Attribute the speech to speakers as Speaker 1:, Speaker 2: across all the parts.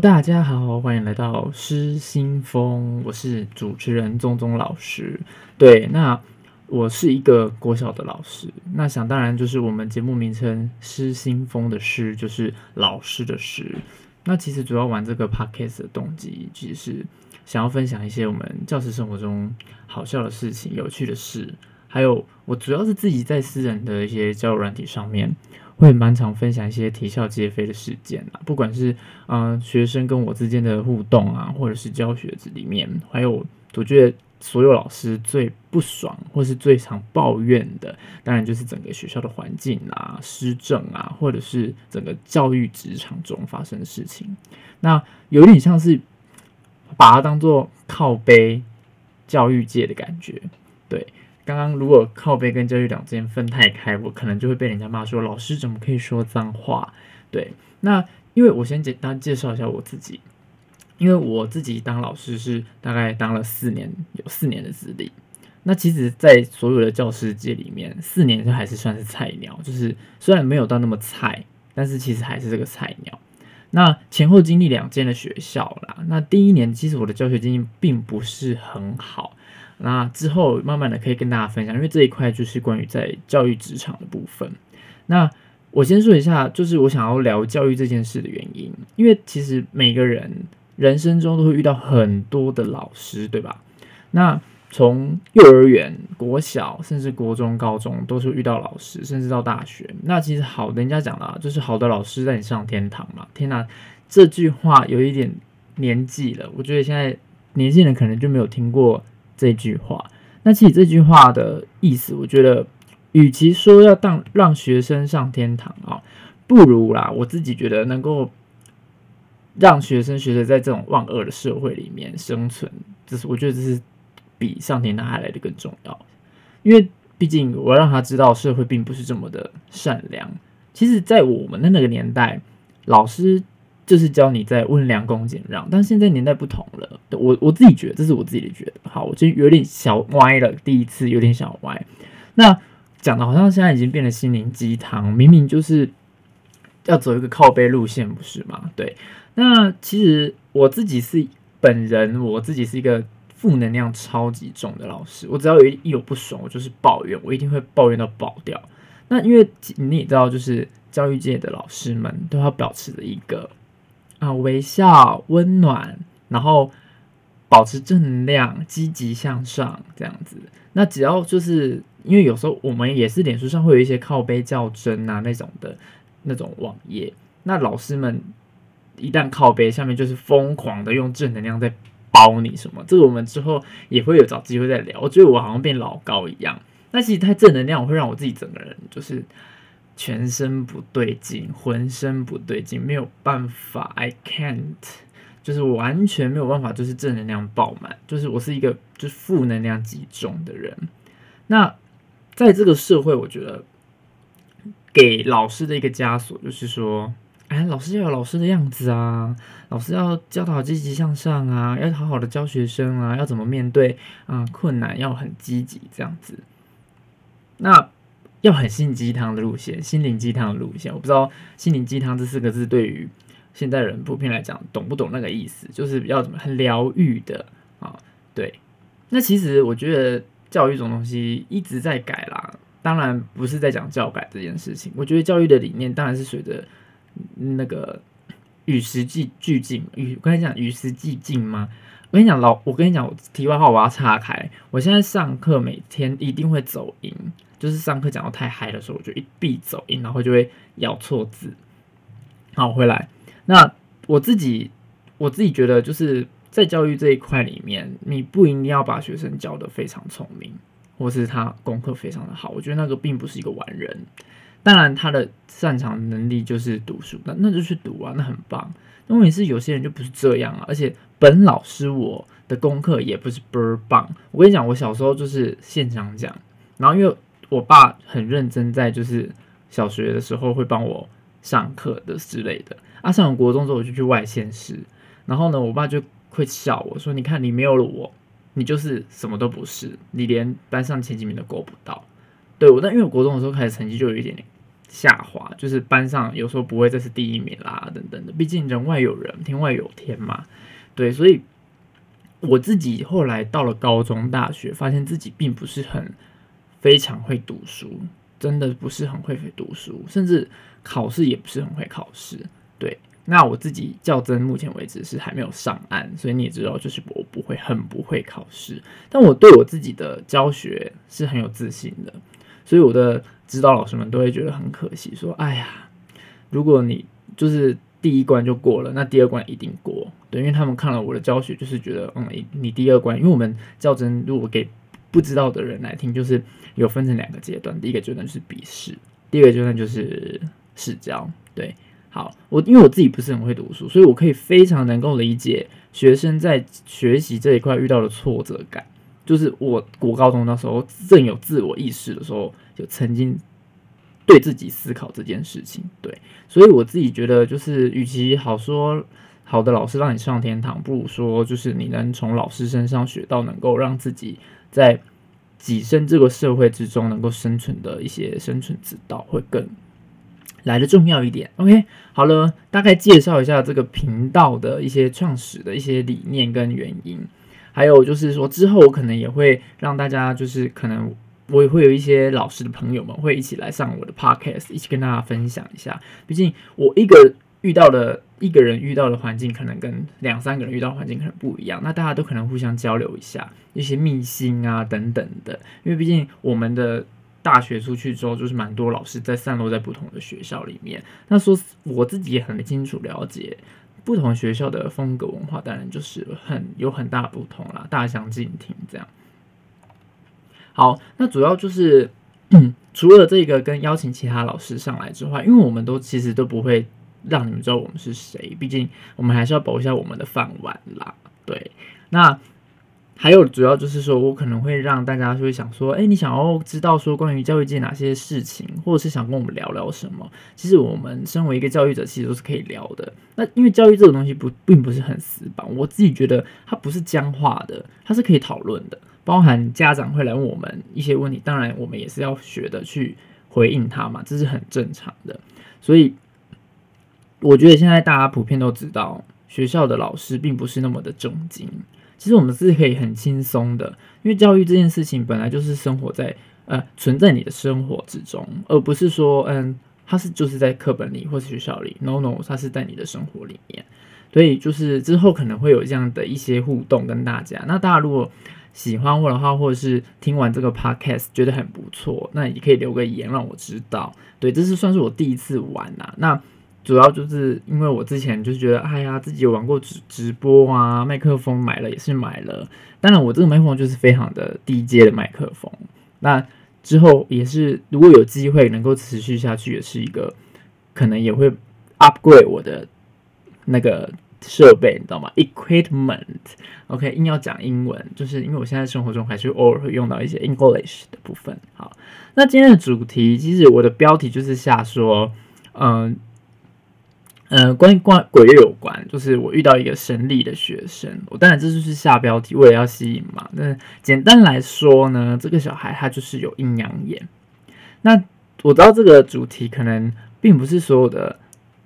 Speaker 1: 大家好，歡迎來到師心瘋，我是主持人鍾鍾老師。對，那我是一個國小的老師，那想當然就是我們節目名稱“師心瘋”的“師”就是老師的“師”，那其實主要玩這個 podcast 的動機，其實是想要分享一些我們教師生活中好笑的事情、有趣的事，還有我主要是自己在私人的一些交流軟體上面。會蠻常分享一些啼笑皆非的事件啊，不管是嗯、呃、學生跟我之間的互動啊，或者是教學子裡面，還有我覺得所有老師最不爽或是最常抱怨的，當然就是整個學校的環境啊、施政啊，或者是整個教育職場中發生的事情。那有點像是把它當做靠杯，教育界的感覺，對。剛剛如果靠背跟教育，兩間分太開，我可能就會被人家罵說老師怎麼可以說髒話？對，那因為我先簡單介紹一下我自己，因為我自己當老師是大概當了四年，有四年的資歷。那其實，在所有的教師界裡面，四年就還是算是菜鳥，就是雖然沒有到那麼菜，但是其實還是這個菜鳥。那前後經歷兩間的學校啦，那第一年其實我的教學經驗並不是很好。那之後，慢慢的可以跟大家分享，因為這一塊就是關於在教育職場的部分。那我先說一下，就是我想要聊教育這件事的原因，因為其實每個人人生中都會遇到很多的老師，對吧？那從幼兒園、國小，甚至國中、高中，都是遇到老師，甚至到大學。那其實好，人家講的啊，就是好的老師帶你上天堂嘛。天哪，這句話有一點年紀了，我覺得現在年輕人可能就沒有聽過這句話，那其實這句話的意思，我覺得，與其說要當讓學生上天堂啊、哦，不如啦，我自己覺得能夠讓學生學着在這種萬惡的社會裡面生存，這是我覺得這是比上天堂還來的更重要。因為畢竟我要讓他知道社會並不是這麼的善良。其實，在我們的那個年代，老師，就是教你在溫良恭儉讓，但現在年代不同了。我我自己覺得，這是我自己的覺得。好，我就有點小歪了。第一次有點小歪，那講的好像現在已經變了心靈雞湯，明明就是要走一個靠背路線，不是嗎？對。那其實我自己是本人，我自己是一個負能量超級重的老師。我只要有一有不爽，我就是抱怨，我一定會抱怨到爆掉。那因為你也知道，就是教育界的老師們都要保持著一個。啊，微笑、溫暖，然後保持正能量、積極向上這樣子。那只要就是因為有時候我們也是臉書上會有一些靠北較真啊，那種的那種網頁。那老師們一旦靠北，下面就是瘋狂的用正能量在包你什麼。這個我們之後也會有找機會再聊。我覺得我好像變老高一樣。那其實太正能量我會讓我自己整個人就是。全身不對勁，渾身不對勁，沒有辦法，I can't，就是完全沒有辦法，就是正能量爆滿，就是我是一個就是負能量集中的人。那在這個社會，我覺得給老師的一個枷鎖，就是說，哎，老師要有老師的樣子啊，老師要教導積極向上啊，要好好的教學生啊，要怎麼面對啊、嗯、困難，要很積極這樣子。那。要很心靈雞湯的路線，心靈雞湯的路線，我不知道“心靈雞湯”這四個字對於現代人普遍來講懂不懂那個意思？就是要怎麼很療癒的啊、哦？對，那其實我覺得教育這種東西一直在改啦，當然不是在講教改這件事情。我覺得教育的理念當然是隨着那個與時俱進。與我跟你講，與時俱進嘛，我跟你講老，我跟你講，我題外話我要岔開。我現在上課每天一定會走音。就是上課講到太嗨的時候，我就一閉走，然後就會咬錯字。好，回來，那我自己，我自己覺得就是在教育這一塊裡面，你不一定要把學生教得非常聰明，或是他功課非常的好，我覺得那個並不是一個完人。當然，他的擅長能力就是讀書，那那就去讀啊，那很棒。因為是有些人就不是這樣啊，而且本老師我的功課也不是倍兒棒。我跟你講，我小時候就是現場講，然後因為。我爸很認真，在就是小學的時候會幫我上課的之類的。啊，上完國中之後我就去外縣市，然後呢，我爸就會笑我說：“你看，你沒有了我，你就是什麼都不是，你連班上前幾名都夠不到。”對我，但因為我國中的時候開始成績就有一點下滑，就是班上有時候不會再是第一名啦等等的。畢竟人外有人，天外有天嘛，對，所以我自己後來到了高中、大學，發現自己並不是很。非常會讀書，真的不是很會讀書，甚至考試也不是很會考試。對，那我自己教甄，目前為止是還沒有上岸，所以你也知道，就是我不會，很不會考試。但我對我自己的教學是很有自信的，所以我的指導老師們都會覺得很可惜，說：“哎呀，如果你就是第一關就過了，那第二關一定過。”對，因為他們看了我的教學，就是覺得嗯，你你第二關，因為我們教甄，如果給不知道的人來聽，就是有分成兩個階段。第一個階段是筆試，第二個階段就是試教。對，好，我因為我自己不是很會讀書，所以我可以非常能夠理解學生在學習這一塊遇到的挫折感。就是我我高中那時候正有自我意識的時候，就曾經對自己思考這件事情。對，所以我自己覺得，就是與其好說好的老師讓你上天堂，不如說就是你能從老師身上學到，能夠讓自己。在躋身這個社會之中，能夠生存的一些生存之道會更來得重要一點。OK，好了，大概介紹一下這個頻道的一些創始的一些理念跟原因，還有就是說之後我可能也會讓大家，就是可能我也會有一些老師的朋友們會一起來上我的 podcast，一起跟大家分享一下。畢竟我一個遇到的。一個人遇到的環境可能跟兩三個人遇到環境可能不一樣，那大家都可能互相交流一下一些秘辛啊等等的，因為畢竟我們的大學出去之後，就是蠻多老師在散落在不同的學校裡面。那說我自己也很清楚了解不同學校的風格文化，當然就是很有很大不同啦，大相徑庭這樣。好，那主要就是除了這個跟邀請其他老師上來之外，因為我們都其實都不會，讓你們知道我們是誰，畢竟我們還是要保一下我們的飯碗啦。對，那還有主要就是說，我可能會讓大家就會想說，哎、欸，你想要知道說關於教育界哪些事情，或者是想跟我們聊聊什麼？其實我們身為一個教育者，其實都是可以聊的。那因為教育這種東西不並不是很死板，我自己覺得它不是僵化的，它是可以討論的。包含家長會來問我們一些問題，當然我們也是要學的去回應他嘛，這是很正常的。所以。我覺得現在大家普遍都知道，學校的老師並不是那麼的正經。其實我們是可以很輕鬆的，因為教育這件事情本來就是生活在呃存在你的生活之中，而不是說嗯它是就是在課本裡或是學校裡。No no，它是在你的生活裡面。所以就是之後可能會有這樣的一些互動跟大家。那大家如果喜歡我的話，或者是聽完這個 podcast 覺得很不錯，那也可以留個言讓我知道。對，這是算是我第一次玩吶、啊。那主要就是因為我之前就覺得，哎呀，自己有玩過直直播啊，麥克風買了也是買了。當然，我這個麥克風就是非常的低階的麥克風。那之後也是，如果有機會能夠持續下去，也是一個可能也會 upgrade 我的那個設備，你知道嗎？Equipment，OK，、okay，硬要講英文，就是因為我現在生活中還是偶爾會用到一些 English 的部分。好，那今天的主題，其實我的標題就是想說，嗯、呃。呃，關於關鬼月有關，就是我遇到一個神力的學生，我當然這就是下標題，為了要吸引嘛。但是簡單來說呢，這個小孩他就是有陰陽眼。那我知道這個主題可能並不是所有的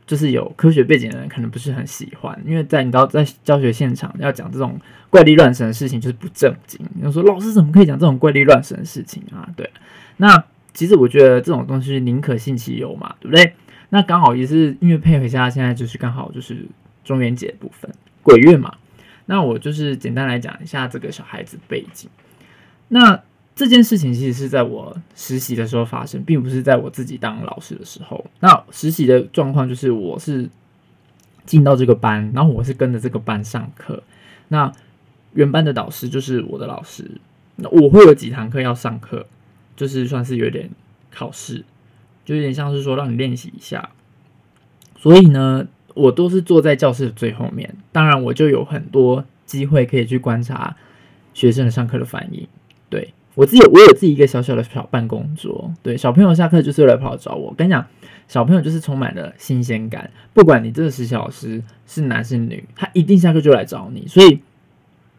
Speaker 1: 就是有科學背景的人可能不是很喜歡，因為在你知道在教學現場要講這種怪力亂神的事情就是不正經。你要說老師怎麼可以講這種怪力亂神的事情啊？對，那其實我覺得這種東西寧可信其有嘛，對不對？那剛好也是，因為配合一下，現在就是剛好就是中元節的部分，鬼月嘛。那我就是簡單來講一下這個小孩子背景。那這件事情其實是在我實習的時候發生，並不是在我自己當老師的時候。那實習的狀況就是我是進到這個班，然後我是跟着這個班上課。那原班的導師就是我的老師，那我會有幾堂課要上課，就是算是有點考試。就有點像是說讓你練習一下，所以呢，我都是坐在教室的最後面。當然，我就有很多機會可以去觀察學生的上課的反應。對我自己，我有自己一個小小的小辦公桌。對，小朋友下課就是來跑找我。跟你講，小朋友就是充滿了新鮮感，不管你這個實習老師是男是女，他一定下課就來找你。所以，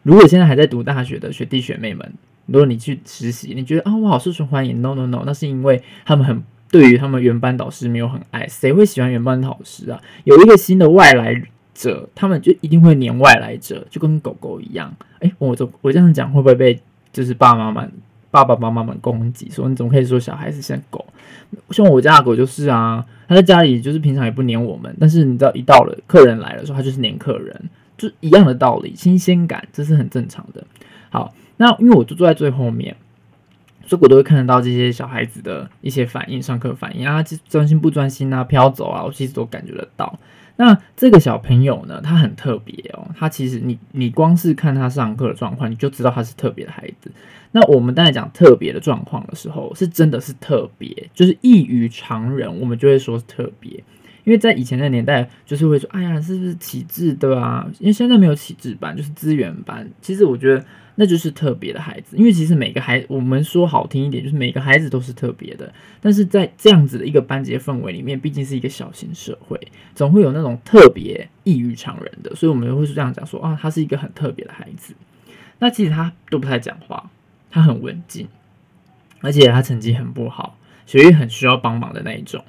Speaker 1: 如果現在還在讀大學的學弟學妹們，如果你去實習，你覺得啊，我好受歡迎，No No No，那是因為他們很，對於他們原班導師沒有很愛，誰會喜歡原班導師啊？有一個新的外來者，他們就一定會黏外來者，就跟狗狗一樣。哎、欸，我怎我這樣講會不會被就是爸爸媽媽、爸爸媽媽們攻擊？說你怎麼可以說小孩子像狗？像我家的狗就是啊，他在家裡就是平常也不黏我們，但是你知道一到了客人來的時候，他就是黏客人，就一樣的道理，新鮮感這是很正常的。好，那因為我就坐在最後面。所以我都會看得到這些小孩子的一些反應，上課反應啊，專心不專心啊，飄走啊，我其實都感覺得到。那這個小朋友呢，他很特別哦，他其實你你光是看他上課的狀況，你就知道他是特別的孩子。那我們剛才講特別的狀況的時候，是真的是特別，就是異於常人，我們就會說特別。因為在以前的年代，就是會說，哎呀，是不是啟智的啊？因為現在沒有啟智班，就是資源班。其實我覺得那就是特別的孩子，因為其實每個孩子，我們說好聽一點，就是每個孩子都是特別的。但是在這樣子的一個班級氛圍裡面，畢竟是一個小型社會，總會有那種特別異於常人的，所以我們就會是這樣講說，啊，他是一個很特別的孩子。那其實他都不太講話，他很文靜，而且他成績很不好，學業很需要幫忙的那一種。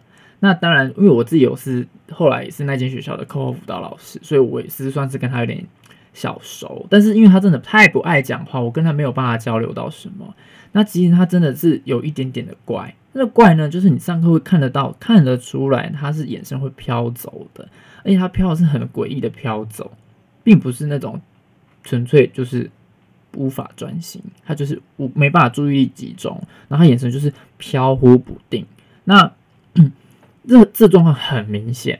Speaker 1: 那當然，因為我自己有是後來也是那間學校的課後輔導老師，所以我也是算是跟他有點小熟。但是因為他真的太不愛講話，我跟他沒有辦法交流到什麼。那其實他真的是有一點點的怪，那個怪呢，就是你上課會看得到、看得出來，他是眼神會飄走的，而且他飄的是很詭異的飄走，並不是那種純粹就是無法專心，他就是我沒辦法注意力集中，然後他眼神就是飄忽不定。那這這狀況很明顯。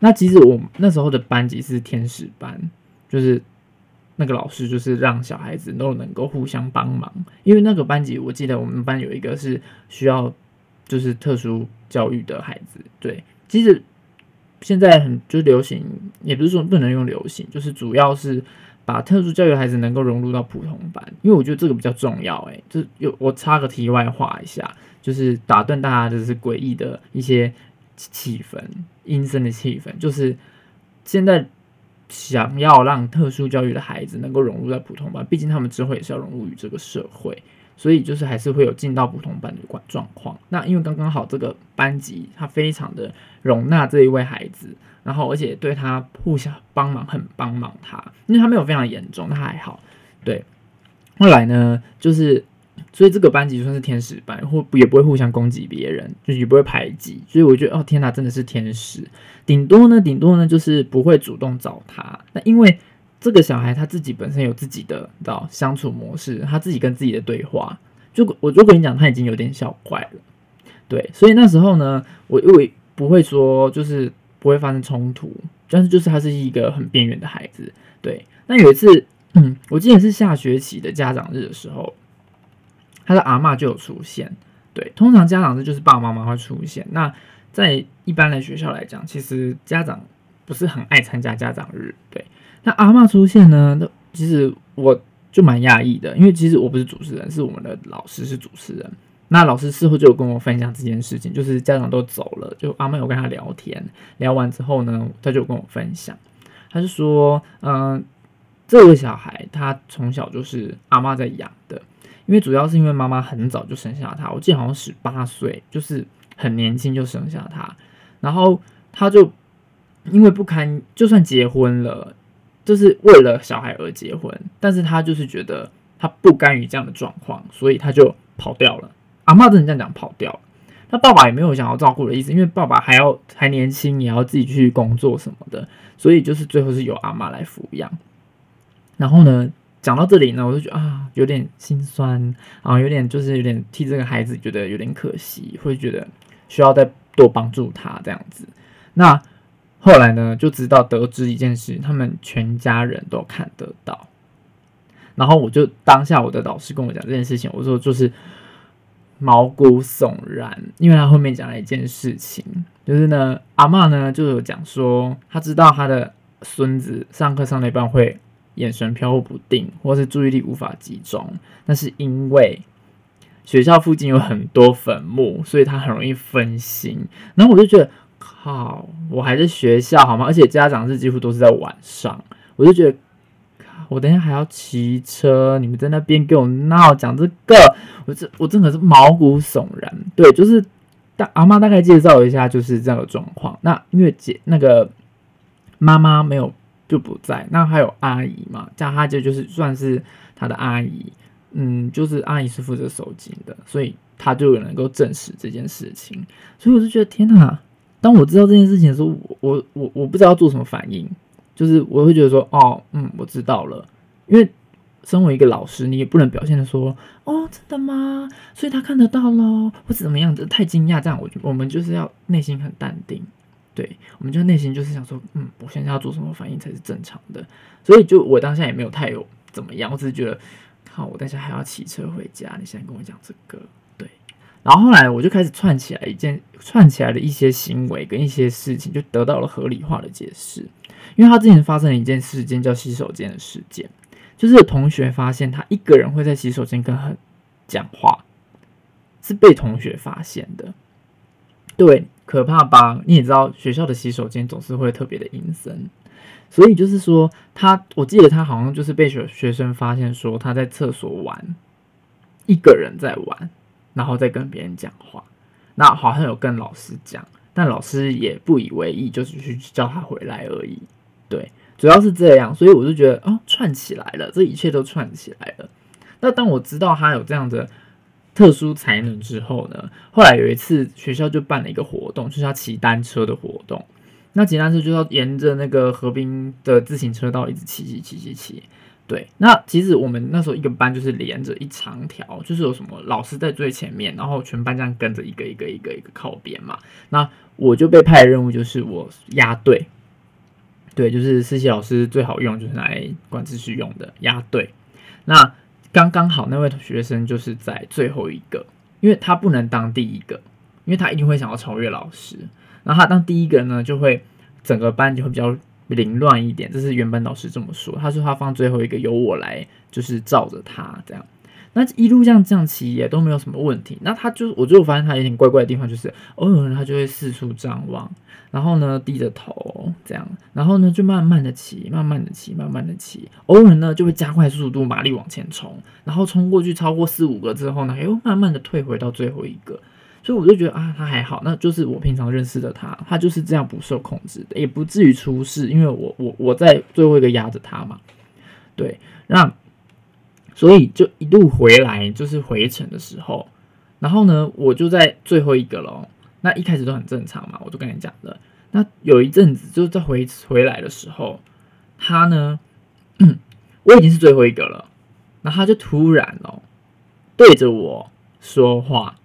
Speaker 1: 那其實我那時候的班級是天使班，就是那個老師就是讓小孩子都能夠互相幫忙。因為那個班級，我記得我們班有一個是需要就是特殊教育的孩子。對，其實現在很就是流行，也不是說不能用流行，就是主要是把特殊教育的孩子能夠融入到普通班，因為我覺得這個比較重要。誒，就有我插個題外話一下，就是打斷大家，就是詭異的一些。氣氛陰森的氣氛，就是現在想要讓特殊教育的孩子能夠融入在普通班，畢竟他們之後也是要融入於這個社會，所以就是還是會有進到普通班的狀狀況。那因為剛剛好這個班級他非常的容納這一位孩子，然後而且對他互相幫忙，很幫忙他，因為他沒有非常嚴重，他還好。對，後來呢，就是。所以這個班級就算是天使班，或也不會互相攻擊別人，就也不會排擠。所以我覺得，哦，天吶，啊，真的是天使。頂多呢，頂多呢，就是不會主動找他。那因為這個小孩他自己本身有自己的，你知道，相處模式，他自己跟自己的對話。如果我，如果你講他已經有點小怪了，對。所以那時候呢，我因為不會說就是不會發生衝突，但是就是他是一個很邊緣的孩子，對。那有一次，嗯，我記得是下學期的家長日的時候。他的阿嬤就有出現，對，通常家長日就是爸爸媽媽會出現。那在一般的學校來講，其實家長不是很愛參加家長日，對。那阿嬤出現呢，其實我就蠻訝異的，因為其實我不是主持人，是我們的老師是主持人。那老師事後就有跟我分享這件事情，就是家長都走了，就阿嬤有跟他聊天，聊完之後呢，他就跟我分享，他就說，嗯、呃，這個小孩他從小就是阿嬤在養的。因為主要是因為媽媽很早就生下他，我記得好像十八歲，就是很年輕就生下他，然後他就因為不堪，就算結婚了，就是為了小孩而結婚，但是他就是覺得他不甘於這樣的狀況，所以他就跑掉了。阿嬤真的這樣講，跑掉了。他爸爸也沒有想要照顧的意思，因為爸爸還要還年輕，也要自己去工作什麼的，所以就是最後是由阿嬤來撫養。然後呢？講到這裡呢，我就覺得啊，有點心酸啊，有點就是有點替這個孩子覺得有點可惜，會覺得需要再多幫助他這樣子。那後來呢，就知道得知一件事，他們全家人都看得到。然後我就當下我的老師跟我講這件事情，我說就是毛骨悚然，因為他後面講了一件事情，就是呢，阿嬤呢就有講說，他知道他的孫子上課上了一半會。眼神飄忽不定，或是注意力無法集中，那是因為學校附近有很多墳墓，所以他很容易分心。然後我就覺得，靠，我還在學校好嗎？而且家長是幾乎都是在晚上，我就覺得，我等一下還要騎車，你們在那邊給我鬧講這個，我這我真的是毛骨悚然。對，就是大阿媽大概介紹一下，就是這樣的狀況。那因為姐那個媽媽沒有。就不在，那還有阿姨嘛，像他就就是算是他的阿姨，嗯，就是阿姨是負責手機的，所以他就有能夠證實這件事情，所以我就覺得天哪，當我知道這件事情的時候，我我我，我不知道要做什麼反應，就是我會覺得說，哦，嗯，我知道了，因為身為一個老師，你也不能表現的說，哦，真的嗎？所以他看得到咯，或者怎麼樣子，太驚訝，這樣我我們就是要內心很淡定。對，我們就內心就是想說，嗯，我現在要做什麼反應才是正常的。所以就我當下也沒有太有怎麼樣，我只是覺得，好，我等下還要騎車回家。你現在跟我講這個，對。然後後來我就開始串起來一件串起來的一些行為跟一些事情，就得到了合理化的解釋。因為他之前發生了一件事件，叫洗手間的事件，就是有同學發現他一個人會在洗手間跟他講話，是被同學發現的，對。可怕吧？你也知道學校的洗手間總是會特別的陰森，所以就是說他，我記得他好像就是被學學生發現說他在廁所玩，一個人在玩，然後在跟別人講話，那好像有跟老師講，但老師也不以為意，就是去叫他回來而已。對，主要是這樣，所以我就覺得啊、哦，串起來了，這一切都串起來了。那當我知道他有這樣的。特殊才能之後呢，後來有一次學校就辦了一個活動，就是要騎單車的活動。那騎單車就要沿着那個河濱的自行車道一直騎騎騎騎騎。對，那其實我們那時候一個班就是連着一長條，就是有什麼老師在最前面，然後全班這樣跟着一,一個一個一個一個靠邊嘛。那我就被派的任務就是我押隊，對，就是實習老師最好用，就是來管秩序用的押隊。那剛剛好，那位學生就是在最後一個，因為他不能當第一個，因為他一定會想要超越老師。然後他當第一個呢，就會整個班就會比較凌亂一點。這是原本老師這麼說，他說他放最後一個，由我來就是照着他這樣。那一路這樣這樣騎也都沒有什麼問題。那他就是，我就發現他有點怪怪的地方，就是偶爾呢他就會四處張望，然後呢低着頭這樣，然後呢就慢慢的騎，慢慢的騎，慢慢的騎。偶爾呢就會加快速度馬力往前衝，然後衝過去超過四五個之後呢，又慢慢的退回到最後一個。所以我就覺得啊，他還好，那就是我平常認識的他，他就是這樣不受控制的，也不至於出事，因為我我我在最後一個壓着他嘛，對，那。所以就一路回來，就是回程的時候，然後呢，我就在最後一個了。那一開始都很正常嘛，我都跟你講了。那有一陣子就是在回回來的時候，他呢、嗯，我已經是最後一個了，然後他就突然哦、喔，對着我說話，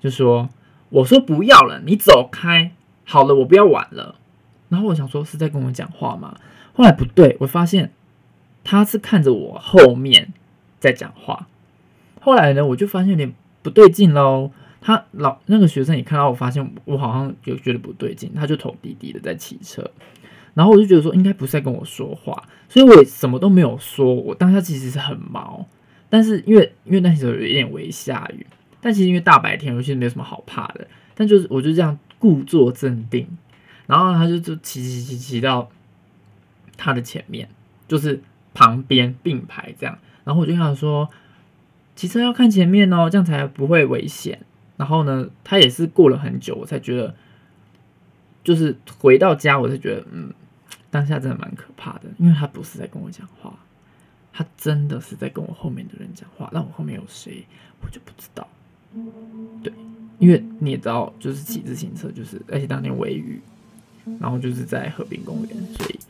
Speaker 1: 就說：“我說不要了，你走開，好了，我不要玩了。”然後我想說是在跟我講話嗎？後來不對，我發現他是看着我後面。在講話，後來呢，我就發現有點不對勁咯，他老那個學生也看到，我發現我好像就覺得不對勁，他就頭低低的在騎車，然後我就覺得說應該不是在跟我說話，所以我什麼都沒有說。我當下其實是很毛，但是因為因為那時候有一點微下雨，但其實因為大白天，我其實沒有什麼好怕的。但就是我就這樣故作鎮定，然後他就就騎騎騎騎到他的前面，就是旁邊並排這樣。然後我就跟他說，騎車要看前面哦，這樣才不會危險。然後呢，他也是過了很久我才覺得，就是回到家我才覺得，嗯，當下真的蠻可怕的，因為他不是在跟我講話，他真的是在跟我後面的人講話。那我後面有誰，我就不知道。對，因為你也知道，就是騎自行車，就是而且當天微雨，然後就是在河濱公園，所以。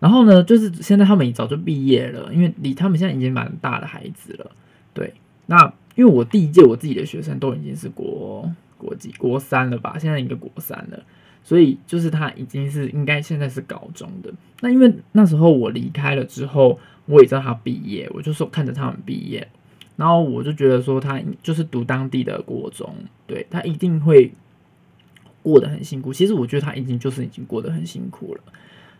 Speaker 1: 然後呢，就是現在他們也早就畢業了，因為離他們現在已經蠻大的孩子了。對，那因為我第一屆我自己的學生都已經是國國幾國三了吧？現在一個國三了，所以就是他已經是應該現在是高中的。那因為那時候我離開了之後，我也知道他畢業，我就說看着他們畢業，然後我就覺得說他就是讀當地的國中，對，他一定會過得很辛苦。其實我覺得他已經就是已經過得很辛苦了。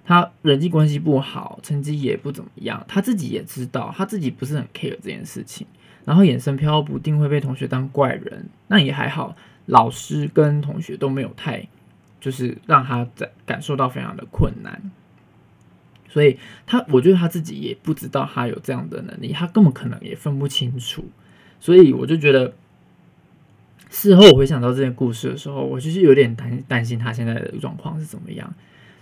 Speaker 1: 他人際關係不好，成績也不怎麼樣，他自己也知道，他自己不是很 care 這件事情，然後眼神飄不定，會被同學當怪人，那也還好，老師跟同學都沒有太，就是讓他感感受到非常的困難，所以他，我覺得他自己也不知道他有這樣的能力，他根本可能也分不清楚，所以我就覺得，事後我回想到這件故事的時候，我就是有點擔擔心他現在的狀況是怎麼樣。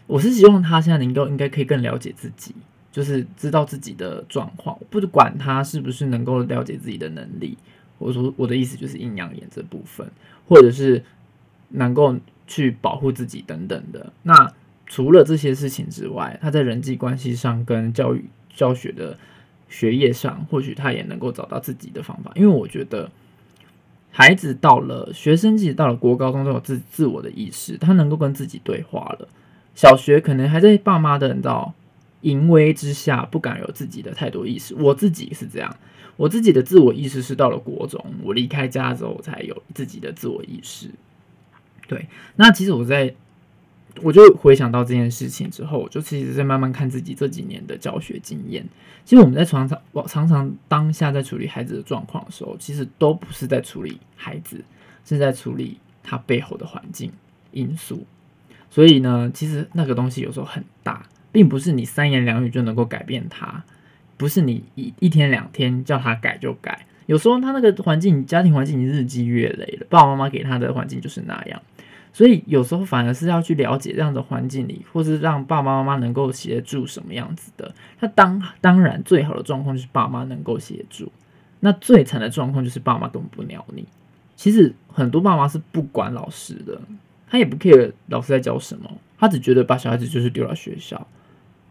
Speaker 1: 我是希望他現在能夠應該可以更了解自己，就是知道自己的狀況。不管他是不是能夠了解自己的能力，我說我的意思就是陰陽眼這部分，或者是能夠去保護自己等等的。那除了這些事情之外，他在人際關係上、跟教育教學的學業上，或許他也能夠找到自己的方法。因為我覺得孩子到了學生自己到了國高中，都有自自我的意識，他能夠跟自己對話了。小學可能還在爸媽的，引導、淫威之下，不敢有自己的太多意識。我自己是這樣，我自己的自我意識是到了國中，我離開家之後才有自己的自我意識。對，那其實我在，我就回想到這件事情之後，就其實在慢慢看自己這幾年的教學經驗。其實我們在常常，往常常當下在處理孩子的狀況的時候，其實都不是在處理孩子，是在處理他背後的環境因素。所以呢，其實那個東西有時候很大，並不是你三言兩語就能夠改變它，不是你一一天兩天叫他改就改。有時候他那個環境，家庭環境，已經日積月累了，爸爸媽媽給他的環境就是那樣。所以有時候反而是要去了解這樣的環境裡，或是讓爸爸媽媽能夠協助什麼樣子的。他當當然，最好的狀況就是爸媽能夠協助，那最慘的狀況就是爸媽都不鳥你。其實很多爸媽是不管老師的。他也不 care 老師在教什麼，他只覺得把小孩子就是丟到學校，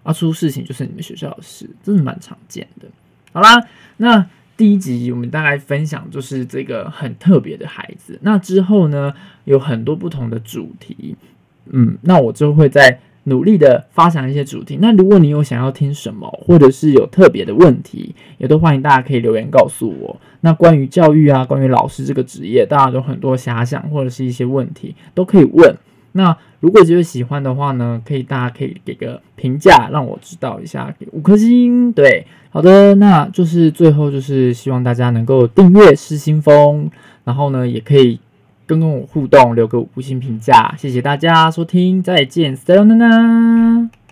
Speaker 1: 啊出事情就是你們學校的事，真是蠻常見的。好啦，那第一集我們大概分享就是這個很特別的孩子，那之後呢有很多不同的主題，嗯，那我就會再。努力的發展一些主題。那如果你有想要聽什麼，或者是有特別的問題，也都歡迎大家可以留言告訴我。那關於教育啊，關於老師這個職業，大家有很多遐想或者是一些問題都可以問。那如果就是喜歡的話呢，可以大家可以給個評價，讓我知道一下，給五顆星。對，好的，那就是最後就是希望大家能夠訂閱失心瘋，然後呢，也可以。跟跟我互動，留個五星評價，謝謝大家收聽，再見，See you, na na。